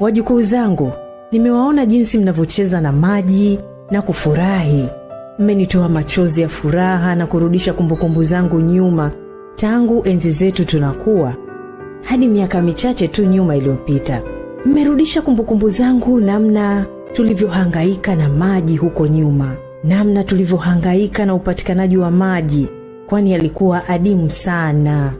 Wajukuu zangu, nimewaona jinsi mnavyocheza na maji na kufurahi mmenitoa machozi ya furaha na kurudisha kumbukumbu zangu nyuma tangu enzi zetu tunakuwa hadi miaka michache tu nyuma iliyopita. Mmerudisha kumbukumbu zangu namna tulivyohangaika na maji huko nyuma, namna tulivyohangaika na upatikanaji wa maji, kwani yalikuwa adimu sana,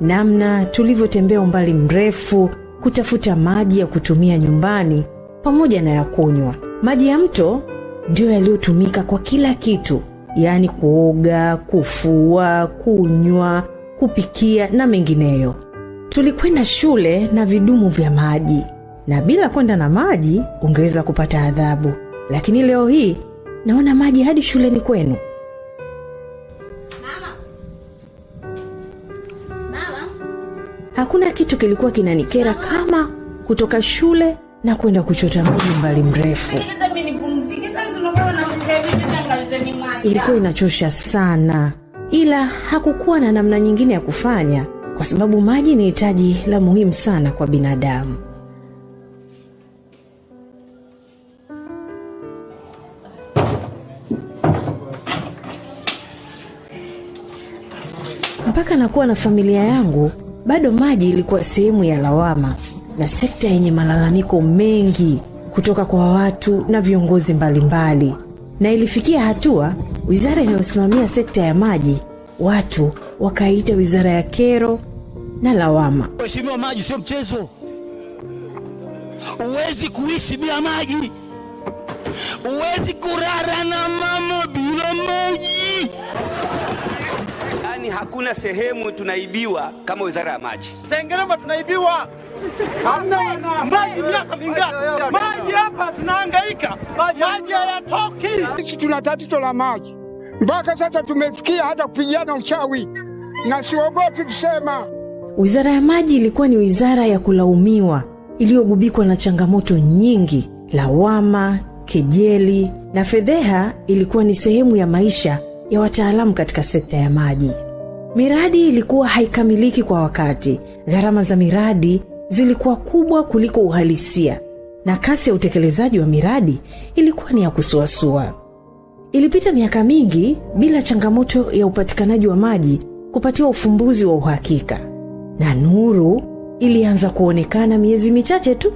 namna tulivyotembea umbali mrefu kutafuta maji ya kutumia nyumbani pamoja na ya kunywa. Maji ya mto ndiyo yaliyotumika kwa kila kitu, yaani kuoga, kufua, kunywa, kupikia na mengineyo. Tulikwenda shule na vidumu vya maji, na bila kwenda na maji ungeweza kupata adhabu, lakini leo hii naona maji hadi shuleni kwenu. Mama. Mama. Hakuna kitu kilikuwa kinanikera kama kutoka shule na kwenda kuchota maji mbali mrefu ilikuwa inachosha sana, ila hakukuwa na namna nyingine ya kufanya kwa sababu maji ni hitaji la muhimu sana kwa binadamu. Mpaka nakuwa na familia yangu, bado maji ilikuwa sehemu ya lawama na sekta yenye malalamiko mengi kutoka kwa watu na viongozi mbalimbali mbali. Na ilifikia hatua wizara inayosimamia sekta ya maji watu wakaita wizara ya kero na lawama. Mheshimiwa, maji sio mchezo, huwezi kuishi bila maji, huwezi kurara na mama bila maji. yani hakuna sehemu tunaibiwa kama wizara ya maji. Sengerema tunaibiwa hamna maji miaka mingapi? Maji hapa tunahangaika, maji hayatoki. Sisi tuna tatizo la maji mpaka sasa, tumefikia hata kupigana uchawi na siogopi kusema. Wizara ya maji ilikuwa ni wizara ya kulaumiwa iliyogubikwa na changamoto nyingi, lawama, kejeli na fedheha. Ilikuwa ni sehemu ya maisha ya wataalamu katika sekta ya maji. Miradi ilikuwa haikamiliki kwa wakati, gharama za miradi zilikuwa kubwa kuliko uhalisia na kasi ya utekelezaji wa miradi ilikuwa ni ya kusuasua. Ilipita miaka mingi bila changamoto ya upatikanaji wa maji kupatiwa ufumbuzi wa uhakika, na nuru ilianza kuonekana miezi michache tu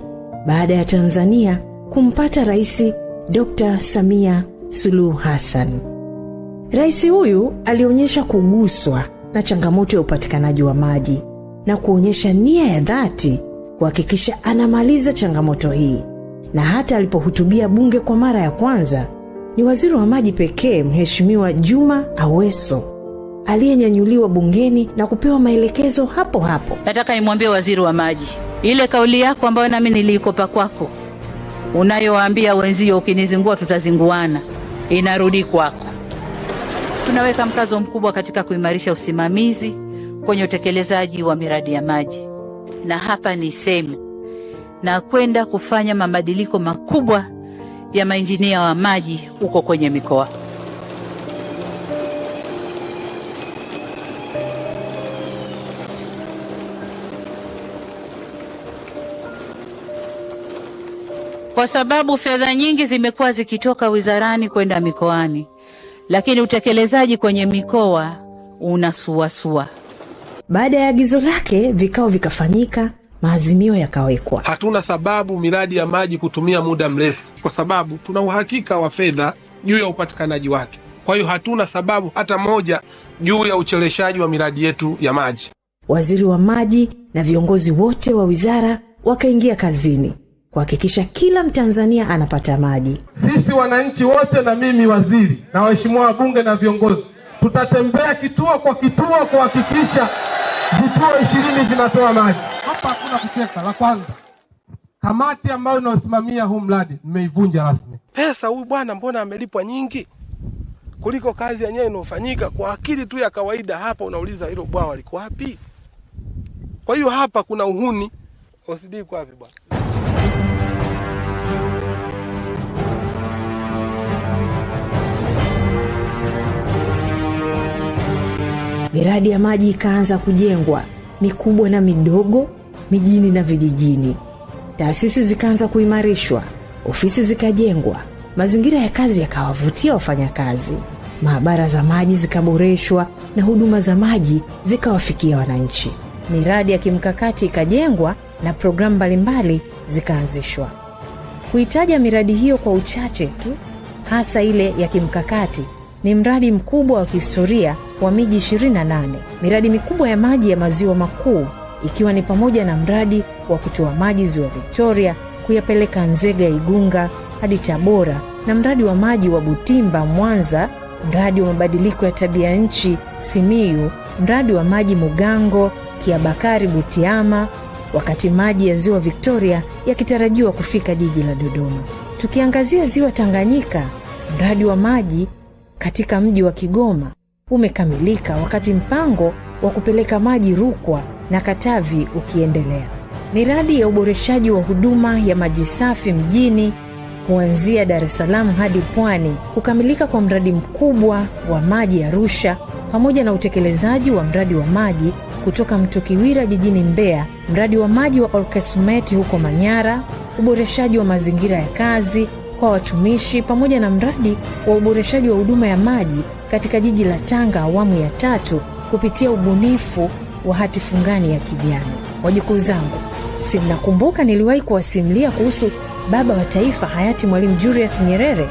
baada ya Tanzania kumpata Rais Dr. Samia Suluhu Hassan. Rais huyu alionyesha kuguswa na changamoto ya upatikanaji wa maji na kuonyesha nia ya dhati kuhakikisha anamaliza changamoto hii. Na hata alipohutubia bunge kwa mara ya kwanza, ni waziri wa maji pekee Mheshimiwa Juma Aweso aliyenyanyuliwa bungeni na kupewa maelekezo hapo hapo. Nataka nimwambie waziri wa maji, ile kauli yako ambayo nami niliikopa kwako, unayowaambia wenzio, ukinizingua tutazinguana, inarudi kwako. Tunaweka mkazo mkubwa katika kuimarisha usimamizi kwenye utekelezaji wa miradi ya maji, na hapa niseme na kwenda kufanya mabadiliko makubwa ya mainjinia wa maji huko kwenye mikoa. Kwa sababu fedha nyingi zimekuwa zikitoka wizarani kwenda mikoani, lakini utekelezaji kwenye mikoa unasuasua. Baada ya agizo lake, vikao vikafanyika, maazimio yakawekwa. Hatuna sababu miradi ya maji kutumia muda mrefu, kwa sababu tuna uhakika wa fedha juu ya upatikanaji wake. Kwa hiyo hatuna sababu hata moja juu ya ucheleshaji wa miradi yetu ya maji. Waziri wa maji na viongozi wote wa wizara wakaingia kazini kuhakikisha kila Mtanzania anapata maji. Sisi wananchi wote na mimi waziri na waheshimiwa wabunge na viongozi tutatembea kituo kwa kituo kuhakikisha vituo ishirini vinatoa maji hapa, hakuna kucheka. La kwanza, kamati ambayo inaosimamia huu mradi nimeivunja rasmi. Pesa huyu bwana mbona amelipwa nyingi kuliko kazi yenyewe inayofanyika? Kwa akili tu ya kawaida hapa unauliza hilo bwawa liko wapi? Kwa hiyo hapa kuna uhuni. OCD iko wapi bwana? Miradi ya maji ikaanza kujengwa mikubwa na midogo, mijini na vijijini. Taasisi zikaanza kuimarishwa, ofisi zikajengwa, mazingira ya kazi yakawavutia wafanyakazi, maabara za maji zikaboreshwa na huduma za maji zikawafikia wananchi. Miradi ya kimkakati ikajengwa na programu mbalimbali zikaanzishwa. Kuitaja miradi hiyo kwa uchache tu, hasa ile ya kimkakati, ni mradi mkubwa wa kihistoria wa miji 28, miradi mikubwa ya maji ya maziwa makuu ikiwa ni pamoja na mradi wa kutoa maji ziwa Victoria kuyapeleka Nzega ya Igunga hadi Tabora na mradi wa maji wa Butimba Mwanza, mradi wa mabadiliko ya tabia nchi Simiyu, mradi wa maji Mugango Kiabakari Butiama, wakati maji ya ziwa Victoria yakitarajiwa kufika jiji la Dodoma. Tukiangazia ziwa Tanganyika, mradi wa maji katika mji wa Kigoma umekamilika wakati mpango wa kupeleka maji Rukwa na Katavi ukiendelea. Miradi ya uboreshaji wa huduma ya maji safi mjini kuanzia Dar es Salaam hadi Pwani, kukamilika kwa mradi mkubwa wa maji Arusha, pamoja na utekelezaji wa mradi wa maji kutoka Mto Kiwira jijini Mbeya, mradi wa maji wa Orkesmeti huko Manyara, uboreshaji wa mazingira ya kazi kwa watumishi pamoja na mradi wa uboreshaji wa huduma ya maji katika jiji la Tanga awamu ya tatu kupitia ubunifu wa hati fungani ya kijani. Wajukuu zangu, si mnakumbuka niliwahi kuwasimulia kuhusu baba wa taifa hayati Mwalimu Julius Nyerere?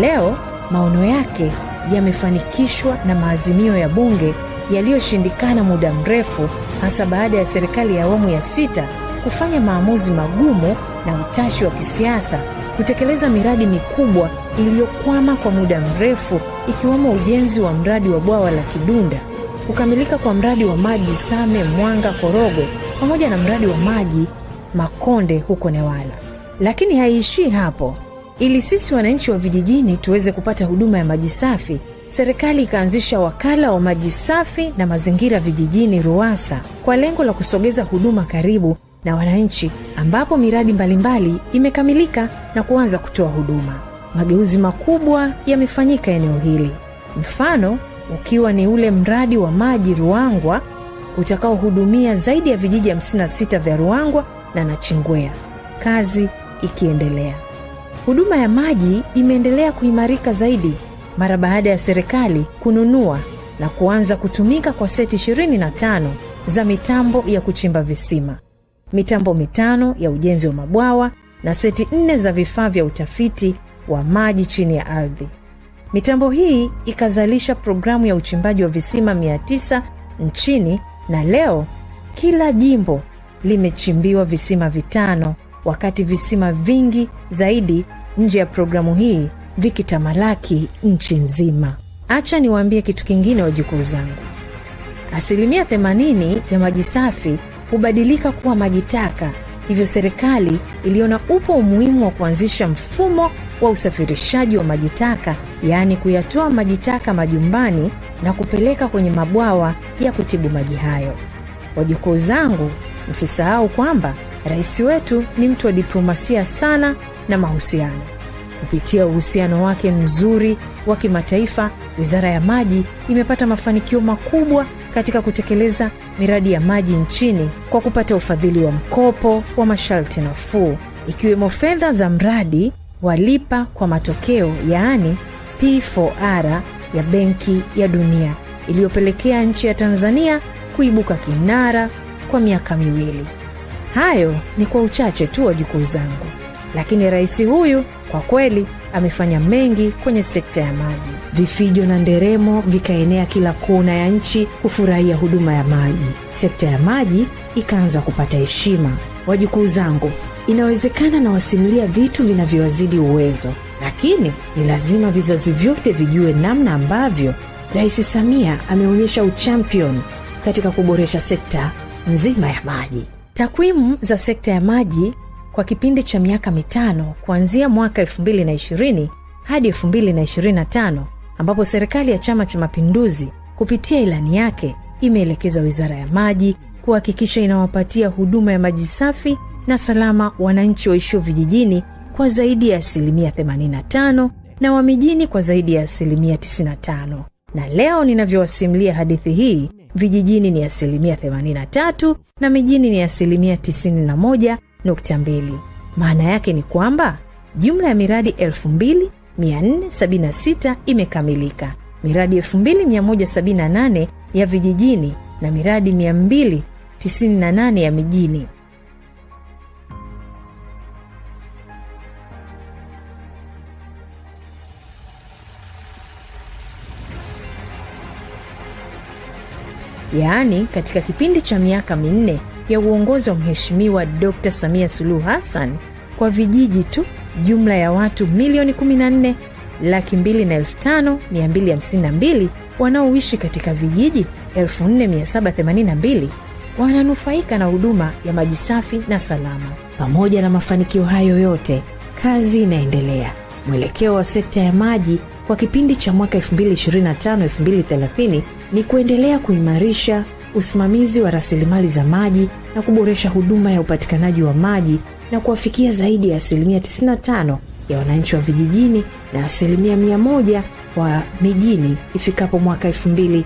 Leo maono yake yamefanikishwa na maazimio ya bunge yaliyoshindikana muda mrefu, hasa baada ya serikali ya awamu ya sita kufanya maamuzi magumu na utashi wa kisiasa kutekeleza miradi mikubwa iliyokwama kwa muda mrefu ikiwemo ujenzi wa mradi wa bwawa la Kidunda, kukamilika kwa mradi wa maji Same Mwanga Korogo, pamoja na mradi wa maji Makonde huko Newala. Lakini haiishii hapo. Ili sisi wananchi wa vijijini tuweze kupata huduma ya maji safi, serikali ikaanzisha wakala wa maji safi na mazingira vijijini RUWASA kwa lengo la kusogeza huduma karibu na wananchi, ambapo miradi mbalimbali imekamilika na kuanza kutoa huduma. Mageuzi makubwa yamefanyika eneo hili, mfano ukiwa ni ule mradi wa maji Ruangwa utakaohudumia zaidi ya vijiji 56 vya Ruangwa na Nachingwea, kazi ikiendelea. Huduma ya maji imeendelea kuimarika zaidi mara baada ya serikali kununua na kuanza kutumika kwa seti 25 za mitambo ya kuchimba visima mitambo mitano ya ujenzi wa mabwawa na seti nne za vifaa vya utafiti wa maji chini ya ardhi. Mitambo hii ikazalisha programu ya uchimbaji wa visima 900 nchini na leo kila jimbo limechimbiwa visima vitano, wakati visima vingi zaidi nje ya programu hii vikitamalaki nchi nzima. Acha niwaambie kitu kingine, wajukuu zangu, asilimia 80 ya maji safi hubadilika kuwa maji taka. Hivyo serikali iliona upo umuhimu wa kuanzisha mfumo wa usafirishaji wa maji taka, yaani kuyatoa maji taka majumbani na kupeleka kwenye mabwawa ya kutibu maji hayo. Wajukuu zangu, msisahau kwamba rais wetu ni mtu wa diplomasia sana na mahusiano. Kupitia uhusiano wake mzuri wa kimataifa, wizara ya maji imepata mafanikio makubwa katika kutekeleza miradi ya maji nchini kwa kupata ufadhili wa mkopo wa masharti nafuu ikiwemo fedha za mradi wa lipa kwa matokeo yaani P4R ya Benki ya Dunia iliyopelekea nchi ya Tanzania kuibuka kinara kwa miaka miwili. Hayo ni kwa uchache tu wa jukuu zangu, lakini rais huyu kwa kweli amefanya mengi kwenye sekta ya maji. Vifijo na nderemo vikaenea kila kona ya nchi kufurahia huduma ya maji. Sekta ya maji ikaanza kupata heshima. Wajukuu zangu, inawezekana na wasimulia vitu vinavyowazidi uwezo, lakini ni lazima vizazi vyote vijue namna ambavyo Rais Samia ameonyesha uchampion katika kuboresha sekta nzima ya maji. Takwimu za sekta ya maji kwa kipindi cha miaka mitano kuanzia mwaka 2020 hadi 2025 ambapo serikali ya Chama cha Mapinduzi kupitia ilani yake imeelekeza Wizara ya Maji kuhakikisha inawapatia huduma ya maji safi na salama wananchi waishio vijijini kwa zaidi ya asilimia 85 na wa mijini kwa zaidi ya asilimia 95. Na leo ninavyowasimulia hadithi hii, vijijini ni asilimia 83 na mijini ni asilimia 91 2.2. Maana yake ni kwamba jumla ya miradi 2476 imekamilika, miradi 2178 ya vijijini na miradi 298 ya mijini. Yaani, katika kipindi cha miaka minne ya uongozi wa Mheshimiwa Dr. Samia Suluhu Hassan kwa vijiji tu, jumla ya watu milioni 14 laki 2 na wanaoishi katika vijiji 4782 wananufaika na huduma ya maji safi na salama. Pamoja na mafanikio hayo yote, kazi inaendelea. Mwelekeo wa sekta ya maji kwa kipindi cha mwaka 225230 ni kuendelea kuimarisha usimamizi wa rasilimali za maji na kuboresha huduma ya upatikanaji wa maji na kuwafikia zaidi ya asilimia 95 ya wananchi wa vijijini na asilimia 100 wa mijini ifikapo mwaka 2030.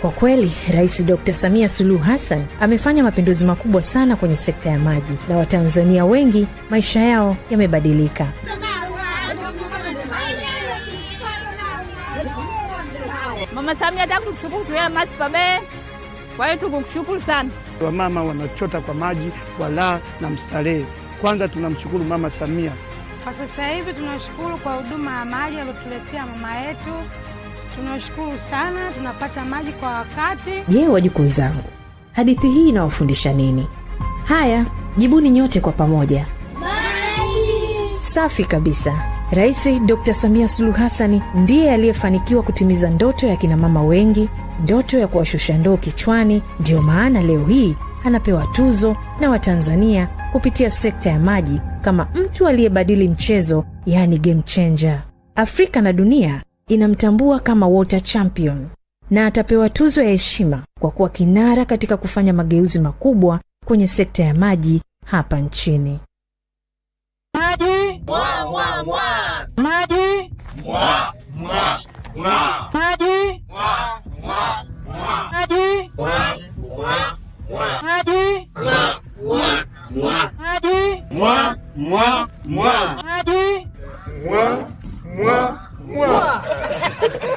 Kwa kweli Rais Dr Samia Suluhu Hassan amefanya mapinduzi makubwa sana kwenye sekta ya maji na Watanzania wengi maisha yao yamebadilika. Mama taku kushukuru tu ya maji pabee. Kwa hiyo tukukushukuru sana. Wamama wanachota kwa maji la na mstarehe. Kwanza tunamshukuru Mama Samia kwa sasa hivi, tunashukuru kwa huduma ya maji aliyotuletea mama yetu, tunashukuru sana, tunapata maji kwa wakati. Je, wajukuu zangu, hadithi hii inawafundisha nini? Haya, jibuni nyote kwa pamoja. Maji safi kabisa. Rais Dr Samia Suluhu Hasani ndiye aliyefanikiwa kutimiza ndoto ya kinamama wengi, ndoto ya kuwashusha ndoo kichwani. Ndiyo maana leo hii anapewa tuzo na Watanzania kupitia sekta ya maji kama mtu aliyebadili mchezo, yaani game changer. Afrika na dunia inamtambua kama water champion, na atapewa tuzo ya heshima kwa kuwa kinara katika kufanya mageuzi makubwa kwenye sekta ya maji hapa nchini. Maji mwa, mwa, mwa. Moi, moi, moi. moi, Moi, moi, moi. Moi, moi, moi. Moi, moi, moi. Moi, moi, moi.